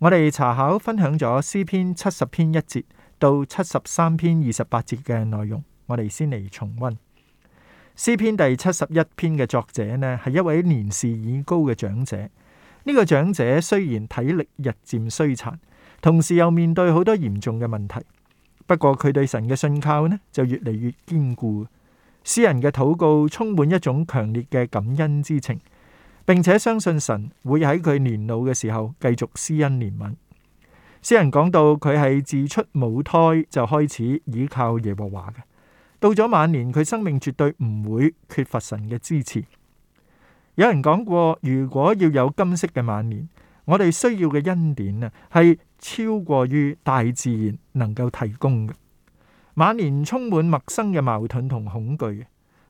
我哋查考分享咗詩篇七十篇一節到七十三篇二十八節嘅內容，我哋先嚟重温詩篇第七十一篇嘅作者呢，係一位年事已高嘅長者。呢個長者雖然體力日漸衰殘，同時又面對好多嚴重嘅問題，不過佢對神嘅信靠呢就越嚟越堅固。詩人嘅禱告充滿一種強烈嘅感恩之情。並且相信神會喺佢年老嘅時候繼續施恩憐憫。詩人講到佢係自出母胎就開始依靠耶和華嘅，到咗晚年佢生命絕對唔會缺乏神嘅支持。有人講過，如果要有金色嘅晚年，我哋需要嘅恩典啊係超過於大自然能夠提供嘅。晚年充滿陌生嘅矛盾同恐懼，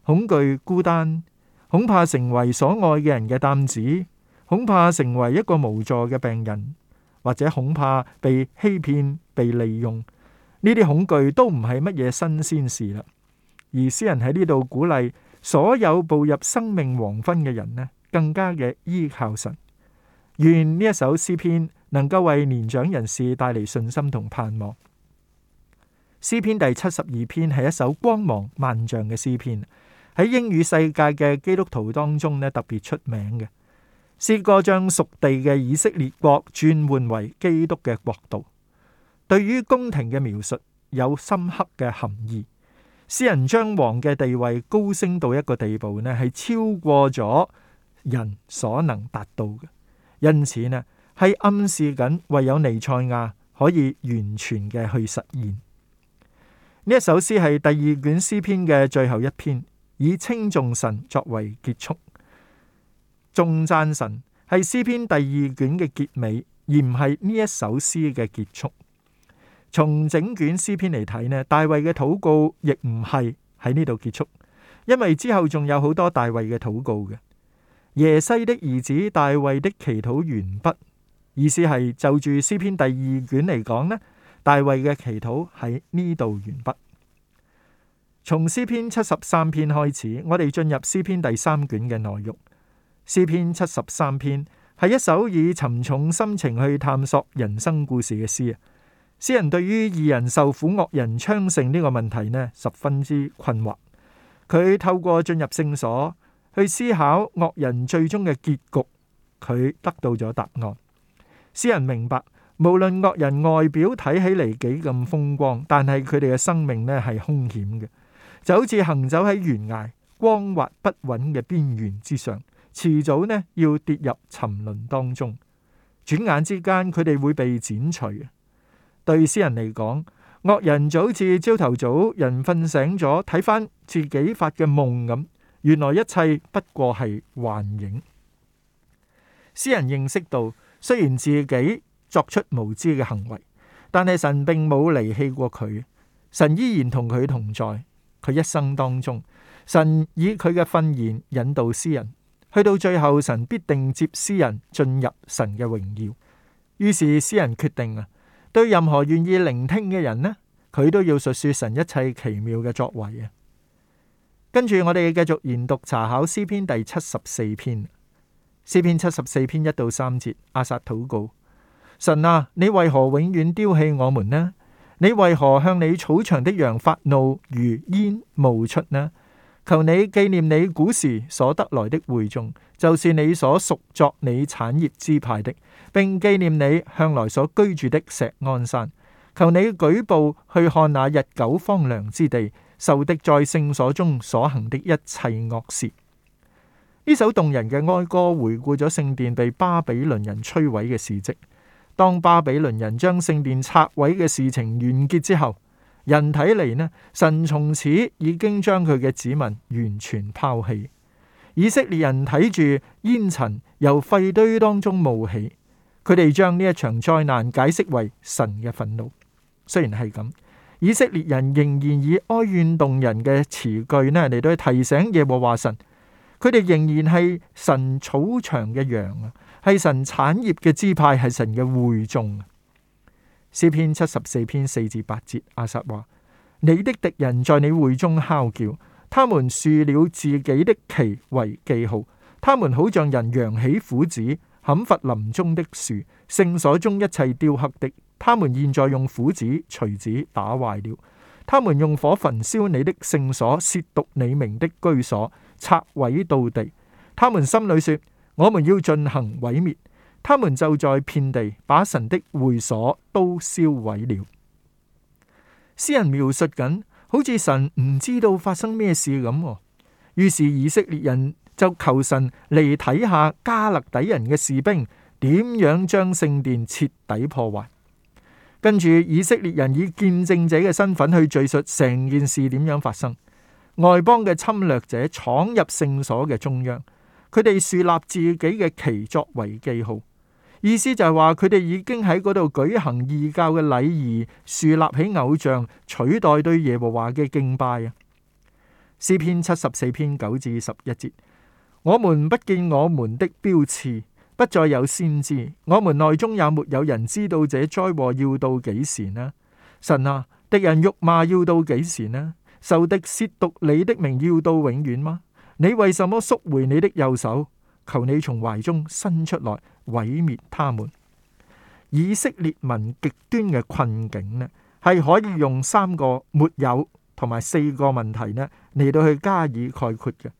恐懼孤單。恐怕成為所愛嘅人嘅擔子，恐怕成為一個無助嘅病人，或者恐怕被欺騙、被利用，呢啲恐懼都唔係乜嘢新鮮事啦。而詩人喺呢度鼓勵所有步入生命黃昏嘅人呢，更加嘅依靠神。願呢一首詩篇能夠為年長人士帶嚟信心同盼望。詩篇第七十二篇係一首光芒萬丈嘅詩篇。喺英語世界嘅基督徒當中呢，特別出名嘅，試過將屬地嘅以色列國轉換為基督嘅國度。對於宮廷嘅描述有深刻嘅含義。詩人將王嘅地位高升到一個地步呢，係超過咗人所能達到嘅。因此呢，係暗示緊唯有彌賽亞可以完全嘅去實現。呢一首詩係第二卷詩篇嘅最後一篇。以稱頌神作為結束，頌讚神係詩篇第二卷嘅結尾，而唔係呢一首詩嘅結束。從整卷詩篇嚟睇呢，大衛嘅禱告亦唔係喺呢度結束，因為之後仲有好多大衛嘅禱告嘅。耶西的兒子大衛的祈禱完畢，意思係就住詩篇第二卷嚟講呢，大衛嘅祈禱喺呢度完畢。從詩篇七十三篇開始，我哋進入詩篇第三卷嘅內容。詩篇七十三篇係一首以沉重心情去探索人生故事嘅詩啊。詩人對於義人受苦、惡人昌盛呢個問題呢，十分之困惑。佢透過進入聖所去思考惡人最終嘅結局，佢得到咗答案。詩人明白，無論惡人外表睇起嚟幾咁風光，但係佢哋嘅生命呢係兇險嘅。就好似行走喺懸崖光滑不穩嘅邊緣之上，遲早呢要跌入沉淪當中。轉眼之間，佢哋會被剪除。對詩人嚟講，惡人就好似朝頭早，早，人瞓醒咗睇翻自己發嘅夢咁，原來一切不過係幻影。詩人認識到，雖然自己作出無知嘅行為，但係神並冇離棄過佢，神依然同佢同在。佢一生當中，神以佢嘅訓言引導詩人，去到最後，神必定接詩人進入神嘅榮耀。於是詩人決定啊，對任何願意聆聽嘅人呢，佢都要述說神一切奇妙嘅作為啊。跟住我哋繼續研讀查考詩篇第七十四篇，詩篇七十四篇一到三節，亞薩禱告：神啊，你為何永遠丟棄我們呢？你為何向你草場的羊發怒，如煙冒出呢？求你紀念你古時所得來的會眾，就是你所贖作你產業支派的，並紀念你向來所居住的錫安山。求你舉步去看那日久荒涼之地，受敵在聖所中所行的一切惡事。呢首動人嘅哀歌回顧咗聖殿被巴比倫人摧毀嘅事跡。當巴比倫人將聖殿拆毀嘅事情完結之後，人睇嚟，呢，神從此已經將佢嘅子民完全拋棄。以色列人睇住煙塵由廢堆當中冒起，佢哋將呢一場災難解釋為神嘅憤怒。雖然係咁，以色列人仍然以哀怨動人嘅詞句呢嚟，到去提醒耶和華神，佢哋仍然係神草場嘅羊啊。係神產業嘅支派，係神嘅會眾。詩篇七十四篇四至八節，阿薩話：你的敵人在你會中敲叫，他們豎了自己的旗為記號，他們好像人揚起斧子砍伐林中的樹，聖所中一切雕刻的，他們現在用斧子、錘子打壞了，他們用火焚燒你的聖所，褻瀆你名的居所，拆毀到地。他們心裏說。我們要進行毀滅，他們就在遍地把神的會所都燒毀了。詩人描述緊，好似神唔知道發生咩事咁。於是以色列人就求神嚟睇下加勒底人嘅士兵點樣將聖殿徹底破壞。跟住以色列人以見證者嘅身份去敘述成件事點樣發生。外邦嘅侵略者闖入聖所嘅中央。佢哋豎立自己嘅旗作為記號，意思就係話佢哋已經喺嗰度舉行異教嘅禮儀，豎立起偶像，取代對耶和華嘅敬拜啊！詩篇七十四篇九至十一節：我們不見我們的標幟，不再有先知，我們內中也沒有人知道這災禍要到幾時呢？神啊，敵人辱罵要到幾時呢？受敵褻瀆你的名要到永遠嗎？你為什麼縮回你的右手？求你從懷中伸出來，毀滅他們！以色列民極端嘅困境呢係可以用三個沒有同埋四個問題呢嚟到去加以概括嘅。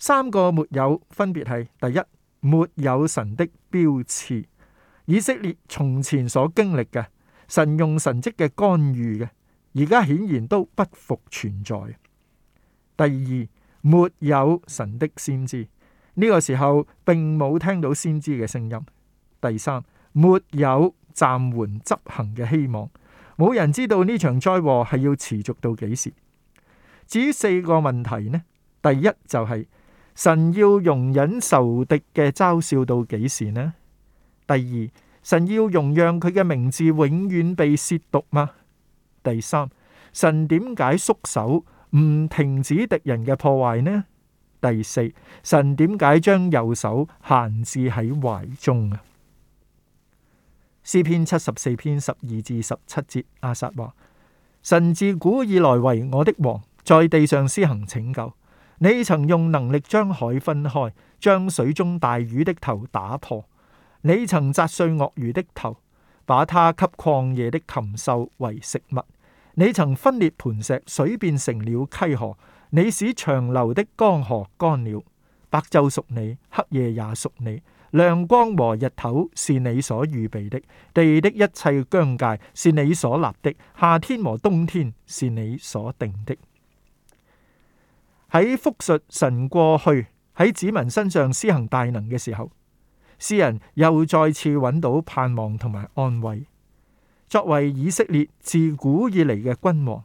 三個沒有分別係：第一，沒有神的標誌；以色列從前所經歷嘅神用神蹟嘅干預嘅，而家顯然都不復存在。第二。沒有神的先知，呢、這個時候並冇聽到先知嘅聲音。第三，沒有暫緩執行嘅希望，冇人知道呢場災禍係要持續到幾時。至於四個問題呢，第一就係、是、神要容忍仇敵嘅嘲笑到幾時呢？第二，神要容讓佢嘅名字永遠被褻瀆嗎？第三，神點解縮手？唔停止敵人嘅破壞呢？第四，神點解將右手閒置喺懷中啊？詩篇七十四篇十二至十七節，阿薩話：神自古以來為我的王，在地上施行拯救。你曾用能力將海分開，將水中大魚的頭打破。你曾砸碎鱷魚的頭，把它給曠野的禽獸為食物。你曾分裂磐石，水便成了溪河；你使長流的江河乾了。白晝屬你，黑夜也屬你；亮光和日頭是你所預備的，地的一切疆界是你所立的，夏天和冬天是你所定的。喺復述神過去喺子民身上施行大能嘅時候，詩人又再次揾到盼望同埋安慰。作為以色列自古以嚟嘅君王，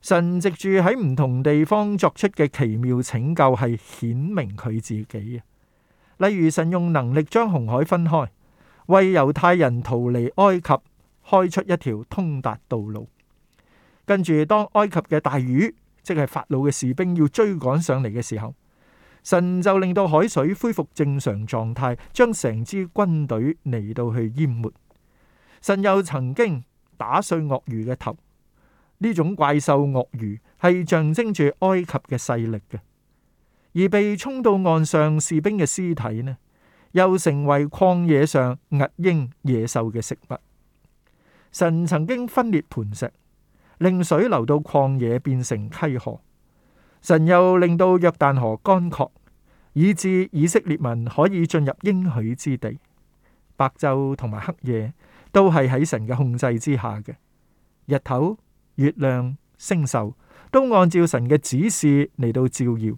神藉住喺唔同地方作出嘅奇妙拯救，係顯明佢自己嘅。例如神用能力將紅海分開，為猶太人逃離埃及開出一條通達道路。跟住當埃及嘅大魚，即係法老嘅士兵要追趕上嚟嘅時候，神就令到海水恢復正常狀態，將成支軍隊嚟到去淹沒。神又曾經打碎鱷魚嘅頭，呢種怪獸鱷魚係象徵住埃及嘅勢力嘅。而被沖到岸上士兵嘅屍體呢，又成為曠野上惡鷹野獸嘅食物。神曾經分裂磐石，令水流到曠野變成溪河。神又令到約旦河乾涸，以致以色列民可以進入應許之地。白晝同埋黑夜。都係喺神嘅控制之下嘅，日頭、月亮、星宿都按照神嘅指示嚟到照耀，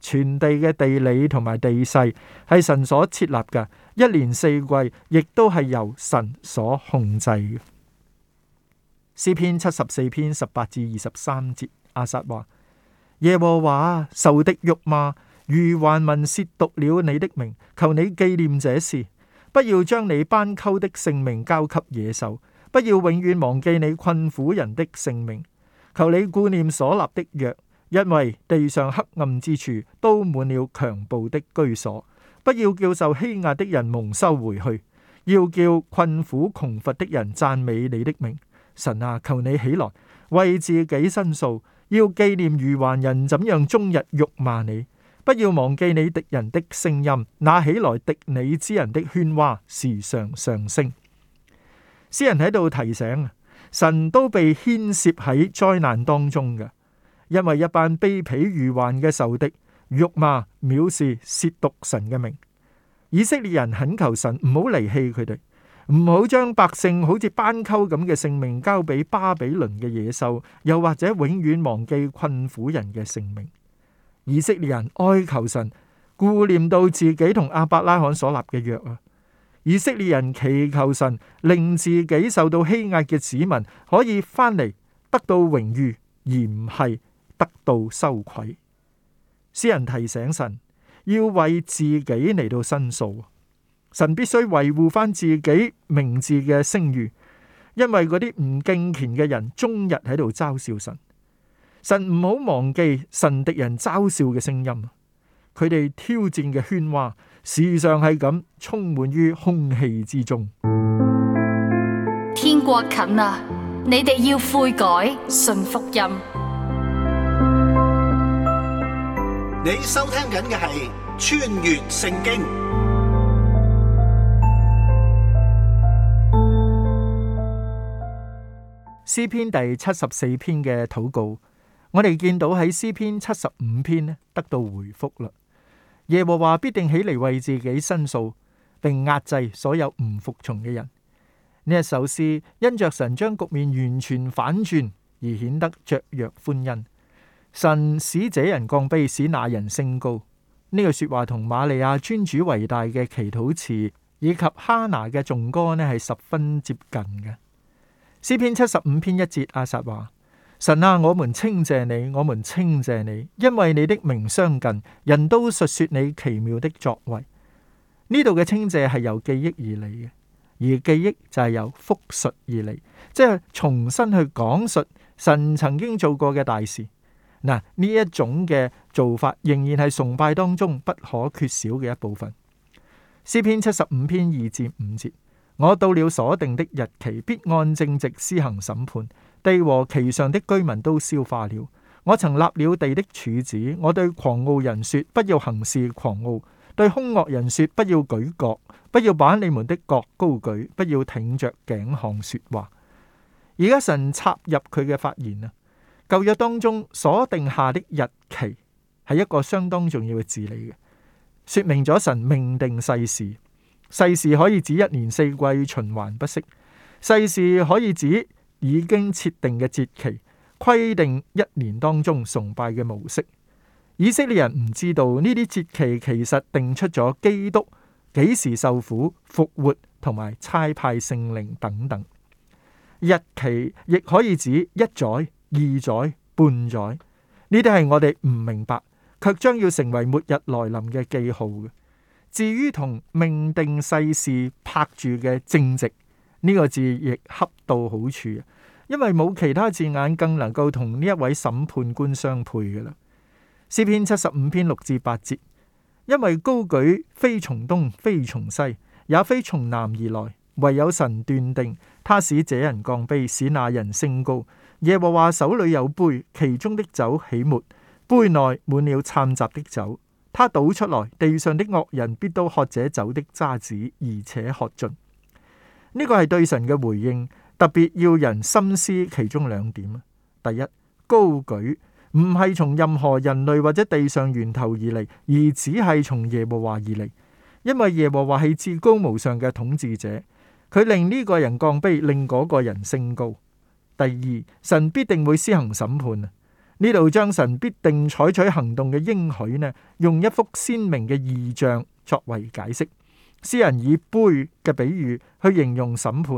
全地嘅地理同埋地勢係神所設立嘅，一年四季亦都係由神所控制嘅。詩篇七十四篇十八至二十三節，亞薩話：耶和華受的辱罵，如萬民褻瀆了你的名，求你紀念這事。不要將你斑鳩的性命交給野獸，不要永遠忘記你困苦人的性命。求你顧念所立的約，因為地上黑暗之處都滿了強暴的居所。不要叫受欺壓的人蒙羞回去，要叫困苦窮乏的人贊美你的名。神啊，求你起來為自己申訴，要紀念愚頑人怎樣終日辱罵你。不要忘記你敵人的聲音，那起來敵你之人的喧嘩時常上升。詩人喺度提醒，神都被牽涉喺災難當中嘅，因為一班卑鄙愚頑嘅仇敵辱罵藐視褻瀆神嘅名。以色列人懇求神唔好離棄佢哋，唔好將百姓好似斑鳩咁嘅性命交俾巴比倫嘅野獸，又或者永遠忘記困苦人嘅性命。以色列人哀求神，顧念到自己同亞伯拉罕所立嘅約啊！以色列人祈求神，令自己受到欺壓嘅子民可以翻嚟，得到榮譽，而唔係得到羞愧。詩人提醒神，要為自己嚟到申訴。神必須維護翻自己名字嘅聲譽，因為嗰啲唔敬虔嘅人終日喺度嘲笑神。神唔好忘記神敵人嘲笑嘅聲音，佢哋挑戰嘅喧嘩，事實上係咁充滿於空氣之中。天國近啊，你哋要悔改信福音。你收聽緊嘅係穿越聖經詩篇第七十四篇嘅禱告。我哋見到喺詩篇七十五篇得到回復啦。耶和華必定起嚟為自己申訴，並壓制所有唔服從嘅人。呢一首詩因着神將局面完全反轉而顯得雀躍歡欣。神使這人降卑，使那人升高。呢句說話同瑪利亞尊主為大嘅祈禱詞以及哈拿嘅頌歌呢係十分接近嘅。詩篇七十五篇一節，亞薩話。神啊，我們稱謝你，我們稱謝你，因為你的名相近，人都述說你奇妙的作為。呢度嘅稱謝係由記憶而嚟嘅，而記憶就係由複述而嚟，即係重新去講述神曾經做過嘅大事。嗱，呢一種嘅做法仍然係崇拜當中不可缺少嘅一部分。詩篇七十五篇二至五節，我到了所定的日期，必按正直施行審判。地和其上的居民都消化了。我曾立了地的柱子，我對狂傲人說：不要行事狂傲；對兇惡人說：不要舉角，不要把你們的角高舉，不要挺着頸項說話。而家神插入佢嘅發言啦。舊約當中所定下的日期係一個相當重要嘅字嚟嘅，說明咗神命定世事。世事可以指一年四季循環不息，世事可以指。已經設定嘅節期，規定一年當中崇拜嘅模式。以色列人唔知道呢啲節期其實定出咗基督幾時受苦、復活同埋差派聖靈等等。日期亦可以指一載、二載、半載。呢啲係我哋唔明白，卻將要成為末日來臨嘅記號嘅。至於同命定世事拍住嘅正值。呢個字亦恰到好處，因為冇其他字眼更能夠同呢一位審判官相配嘅啦。詩篇七十五篇六至八節，因為高舉非從東，非從西，也非從南而來，唯有神斷定，他使這人降卑，使那人升高。耶和華手裏有杯，其中的酒起沫，杯內滿了攙雜的酒。他倒出來，地上的惡人必都喝這酒的渣滓，而且喝盡。呢個係對神嘅回應，特別要人深思其中兩點。第一，高舉唔係從任何人類或者地上源頭而嚟，而只係從耶和華而嚟，因為耶和華係至高無上嘅統治者，佢令呢個人降卑，令嗰個人升高。第二，神必定會施行審判啊！呢度將神必定採取行動嘅應許呢，用一幅鮮明嘅意象作為解釋。詩人以杯嘅比喻去形容審判，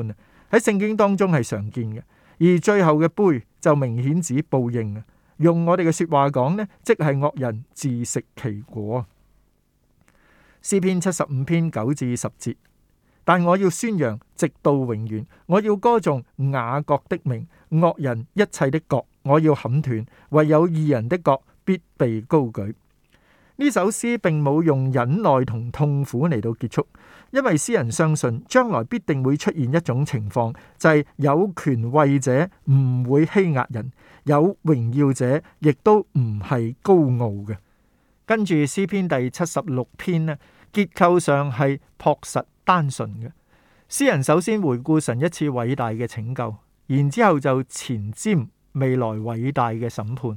喺聖經當中係常見嘅。而最後嘅杯就明顯指報應。用我哋嘅說話講呢，即係惡人自食其果。詩篇七十五篇九至十節，但我要宣揚直到永遠，我要歌頌雅各的名，惡人一切的國，我要砍斷，唯有義人的國必被高舉。呢首詩並冇用忍耐同痛苦嚟到結束，因為詩人相信將來必定會出現一種情況，就係、是、有權威者唔會欺壓人，有榮耀者亦都唔係高傲嘅。跟住詩篇第七十六篇呢，結構上係樸實單純嘅。詩人首先回顧神一次偉大嘅拯救，然之後就前瞻未來偉大嘅審判。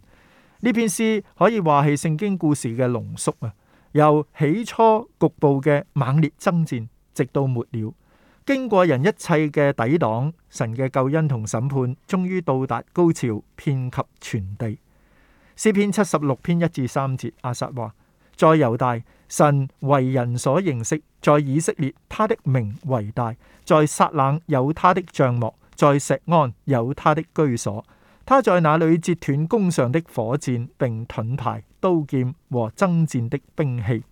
呢篇詩可以話係聖經故事嘅濃縮啊！由起初局部嘅猛烈爭戰，直到末了，經過人一切嘅抵擋，神嘅救恩同審判，終於到達高潮，遍及全地。詩篇七十六篇一至三節，亞薩話：在猶大，神為人所認識；在以色列，他的名為大；在撒冷有他的帳幕；在錫安有他的居所。他在那裏截斷弓上的火箭，並盾牌、刀劍和爭戰的兵器。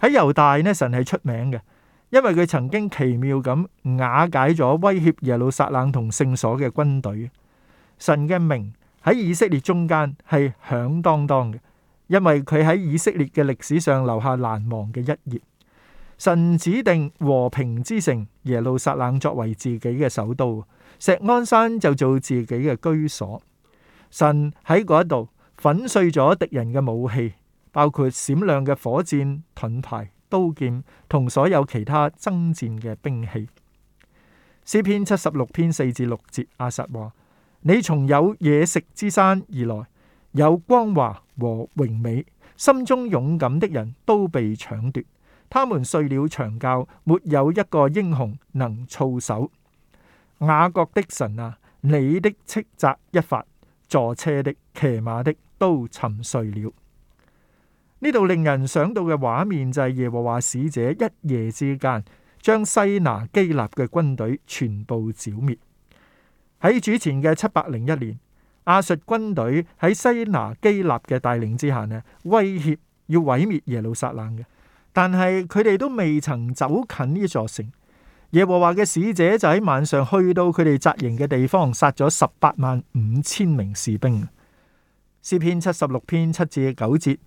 喺猶大呢，神係出名嘅，因為佢曾經奇妙咁瓦解咗威脅耶路撒冷同聖所嘅軍隊。神嘅名喺以色列中間係響當當嘅，因為佢喺以色列嘅歷史上留下難忘嘅一頁。神指定和平之城耶路撒冷作為自己嘅首都。石安山就做自己嘅居所，神喺嗰度粉碎咗敵人嘅武器，包括閃亮嘅火箭、盾牌、刀劍同所有其他爭戰嘅兵器。詩篇七十六篇四至六節，亞薩話：你從有野食之山而來，有光華和榮美，心中勇敢的人都被搶奪，他們睡了長覺，沒有一個英雄能操守。雅各的神啊，你的斥責一發，坐車的、騎馬的都沉睡了。呢度令人想到嘅畫面就係耶和華使者一夜之間將西拿基立嘅軍隊全部剿滅。喺主前嘅七百零一年，亞述軍隊喺西拿基立嘅帶領之下呢，威脅要毀滅耶路撒冷嘅，但係佢哋都未曾走近呢座城。耶和華嘅使者就喺晚上去到佢哋紮營嘅地方，殺咗十八萬五千名士兵。詩篇七十六篇七至九節，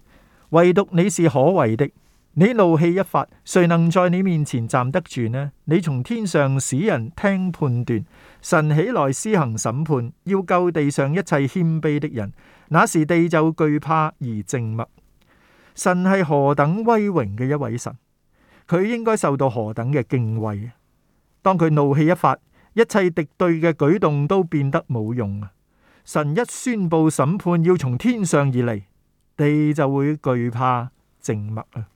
唯獨你是可畏的，你怒氣一發，誰能在你面前站得住呢？你從天上使人聽判斷，神起來施行審判，要救地上一切謙卑的人。那時地就懼怕而靜默。神係何等威榮嘅一位神，佢應該受到何等嘅敬畏。當佢怒氣一發，一切敵對嘅舉動都變得冇用啊！神一宣布審判要從天上而嚟，地就會懼怕靜默啊！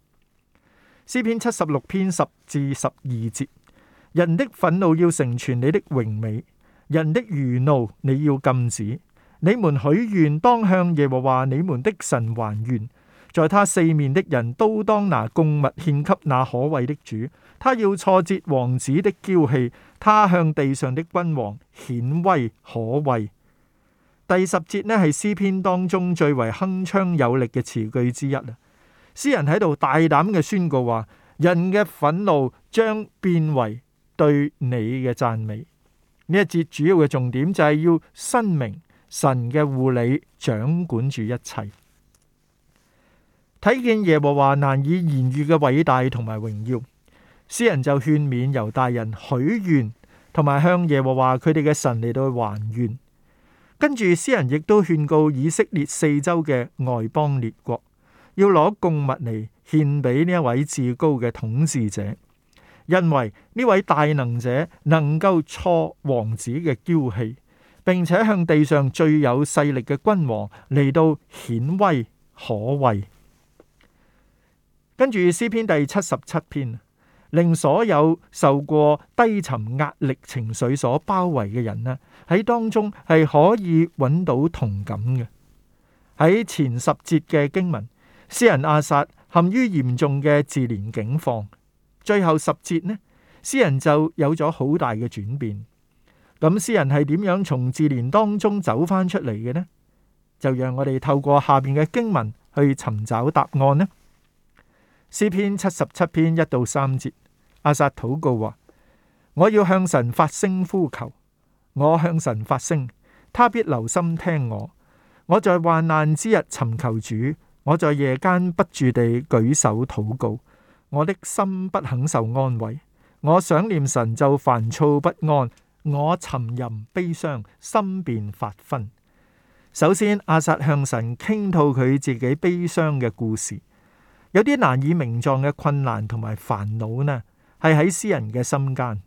詩篇七十六篇十至十二節：人的憤怒要成全你的榮美，人的愚怒你要禁止。你們許願當向耶和華你們的神還願，在他四面的人都當拿貢物獻給那可畏的主。他要挫折王子的驕氣，他向地上的君王顯威可畏。第十節呢係詩篇當中最為鏗鏘有力嘅詞句之一啦。詩人喺度大膽嘅宣告話：人嘅憤怒將變為對你嘅讚美。呢一節主要嘅重點就係要申明神嘅護理掌管住一切，睇見耶和華難以言喻嘅偉大同埋榮耀。詩人就勸勉猶大人許願，同埋向耶和華佢哋嘅神嚟到還願。跟住詩人亦都勸告以色列四周嘅外邦列國，要攞貢物嚟獻俾呢一位至高嘅統治者，因為呢位大能者能夠挫王子嘅驕氣，並且向地上最有勢力嘅君王嚟到顯威可畏。跟住詩篇第七十七篇。令所有受過低沉壓力情緒所包圍嘅人呢，喺當中係可以揾到同感嘅。喺前十節嘅經文，詩人亞薩陷於嚴重嘅自憐境況。最後十節呢，詩人就有咗好大嘅轉變。咁詩人係點樣從自憐當中走返出嚟嘅呢？就讓我哋透過下邊嘅經文去尋找答案呢。詩篇七十七篇一到三節。阿薩禱告話：我要向神發聲呼求，我向神發聲，他必留心聽我。我在患難之日尋求主，我在夜間不住地舉手禱告。我的心不肯受安慰，我想念神就煩躁不安。我沉吟悲傷，心便發昏。首先，亞薩向神傾吐佢自己悲傷嘅故事，有啲難以名狀嘅困難同埋煩惱呢。係喺詩人嘅心間，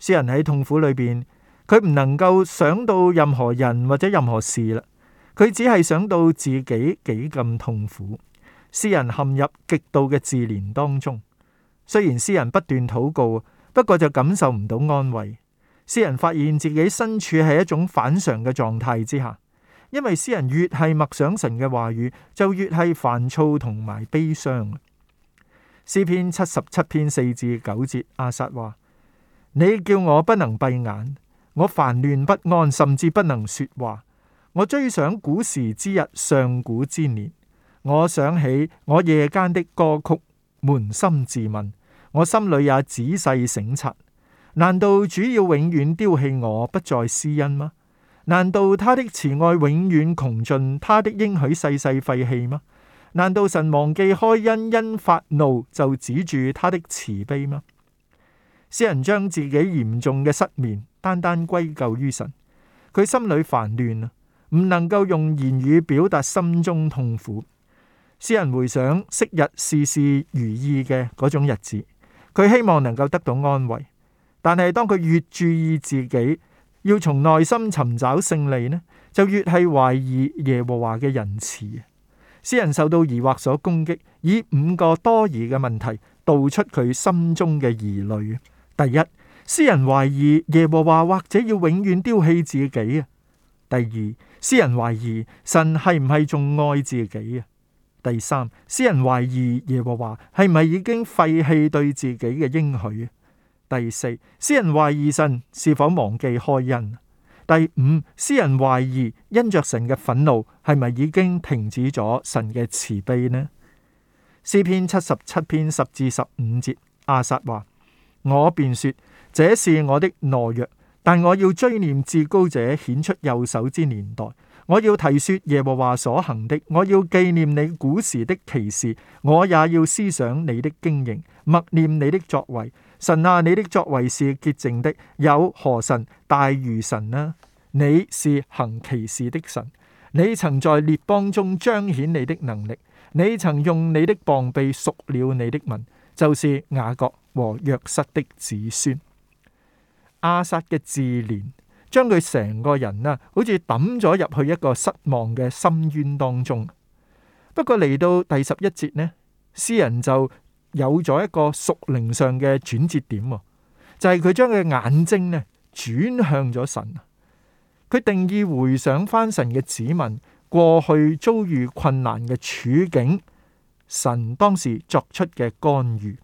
詩人喺痛苦裏邊，佢唔能夠想到任何人或者任何事啦，佢只係想到自己幾咁痛苦。詩人陷入極度嘅自憐當中，雖然詩人不斷禱告，不過就感受唔到安慰。詩人發現自己身處喺一種反常嘅狀態之下，因為詩人越係默想神嘅話語，就越係煩躁同埋悲傷。詩篇七十七篇四至九節，亞薩話：你叫我不能閉眼，我煩亂不安，甚至不能說話。我追想古時之日，上古之年。我想起我夜間的歌曲，捫心自問，我心裏也仔細省察。難道主要永遠丟棄我，不再施恩嗎？難道他的慈愛永遠窮盡，他的應許世世世廢棄嗎？難道神忘記開恩，因發怒就止住他的慈悲嗎？詩人將自己嚴重嘅失眠單單歸咎於神，佢心裏煩亂啊，唔能夠用言語表達心中痛苦。詩人回想昔日事事如意嘅嗰種日子，佢希望能夠得到安慰，但係當佢越注意自己，要從內心尋找勝利呢，就越係懷疑耶和華嘅仁慈。詩人受到疑惑所攻擊，以五個多疑嘅問題道出佢心中嘅疑慮。第一，詩人懷疑耶和華或者要永遠丟棄自己啊。第二，詩人懷疑神係唔係仲愛自己啊。第三，詩人懷疑耶和華係唔係已經廢棄對自己嘅應許。第四，詩人懷疑神是否忘記開恩。第五，詩人懷疑因着神嘅憤怒，係咪已經停止咗神嘅慈悲呢？詩篇七十七篇十至十五節，阿薩話： 我便說這是我的懦弱，但我要追念至高者顯出右手之年代，我要提說耶和華所行的，我要紀念你古時的奇事，我也要思想你的經營，默念你的作為。神啊，你的作為是潔淨的，有何神大如神呢、啊？你是行奇事的神，你曾在列邦中彰顯你的能力，你曾用你的膀臂贖了你的民，就是雅各和約瑟的子孫。亞薩嘅自憐，將佢成個人啊，好似抌咗入去一個失望嘅深淵當中。不過嚟到第十一節呢，詩人就。有咗一個屬靈上嘅轉折點，就係、是、佢將佢嘅眼睛咧轉向咗神。佢定意回想返神嘅指紋，過去遭遇困難嘅處境，神當時作出嘅干預。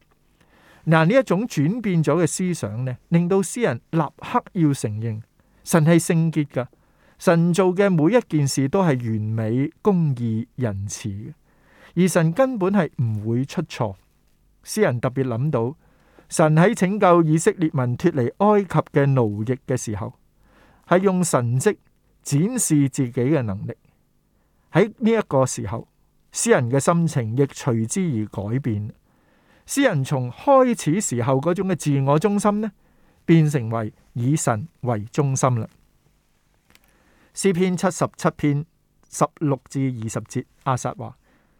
嗱，呢一種轉變咗嘅思想呢，令到詩人立刻要承認神係聖潔㗎，神做嘅每一件事都係完美、公義、仁慈嘅，而神根本係唔會出錯。詩人特別諗到，神喺拯救以色列民脱離埃及嘅奴役嘅時候，係用神蹟展示自己嘅能力。喺呢一個時候，詩人嘅心情亦隨之而改變。詩人從開始時候嗰種嘅自我中心呢，變成為以神為中心啦。詩篇七十七篇十六至二十節，阿薩話。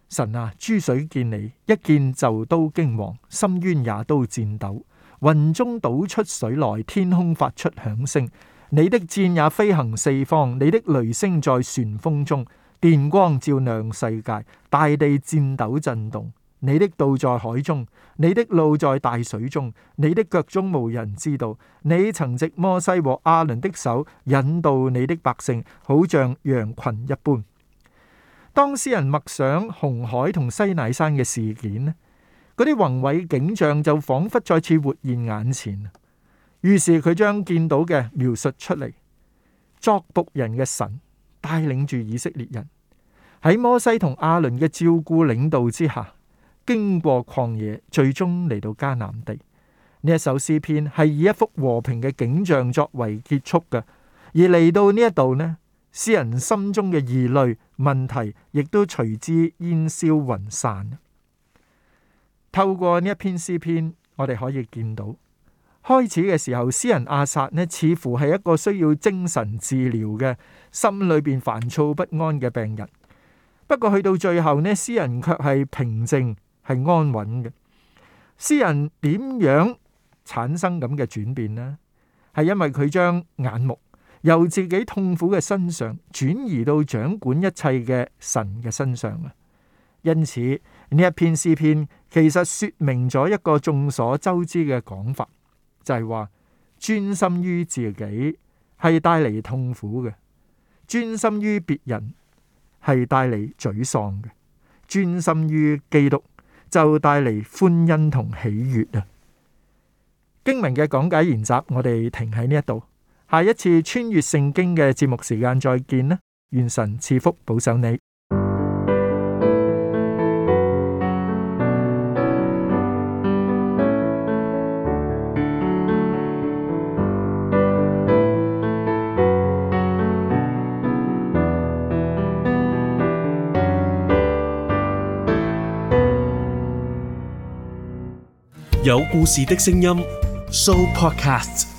神啊，諸水見你一見就都驚惶，深淵也都戰抖。雲中倒出水來，天空發出響聲。你的箭也飛行四方，你的雷聲在旋風中，電光照亮世界，大地戰抖震動。你的道在海中，你的路在大水中，你的腳蹤無人知道。你曾藉摩西和亞倫的手引導你的百姓，好像羊群一般。當詩人默想紅海同西乃山嘅事件咧，嗰啲宏偉景象就仿佛再次活現眼前。於是佢將見到嘅描述出嚟，作僕人嘅神帶領住以色列人喺摩西同阿倫嘅照顧領導之下，經過曠野，最終嚟到迦南地。呢一首詩篇係以一幅和平嘅景象作為結束嘅，而嚟到呢一度呢。詩人心中嘅疑慮、問題，亦都隨之煙消雲散。透過呢一篇詩篇，我哋可以見到開始嘅時候，詩人阿薩呢，似乎係一個需要精神治療嘅心裏邊煩躁不安嘅病人。不過去到最後呢，詩人卻係平靜、係安穩嘅。詩人點樣產生咁嘅轉變呢？係因為佢將眼目。由自己痛苦嘅身上轉移到掌管一切嘅神嘅身上啊！因此呢一篇詩篇其實說明咗一個眾所周知嘅講法，就係話專心於自己係帶嚟痛苦嘅，專心於別人係帶嚟沮喪嘅，專心於基督就帶嚟歡欣同喜悅啊！經文嘅講解研習，我哋停喺呢一度。下一次穿越聖經嘅節目時間再見啦！願神賜福保守你。有故事的聲音，Sooopodcast。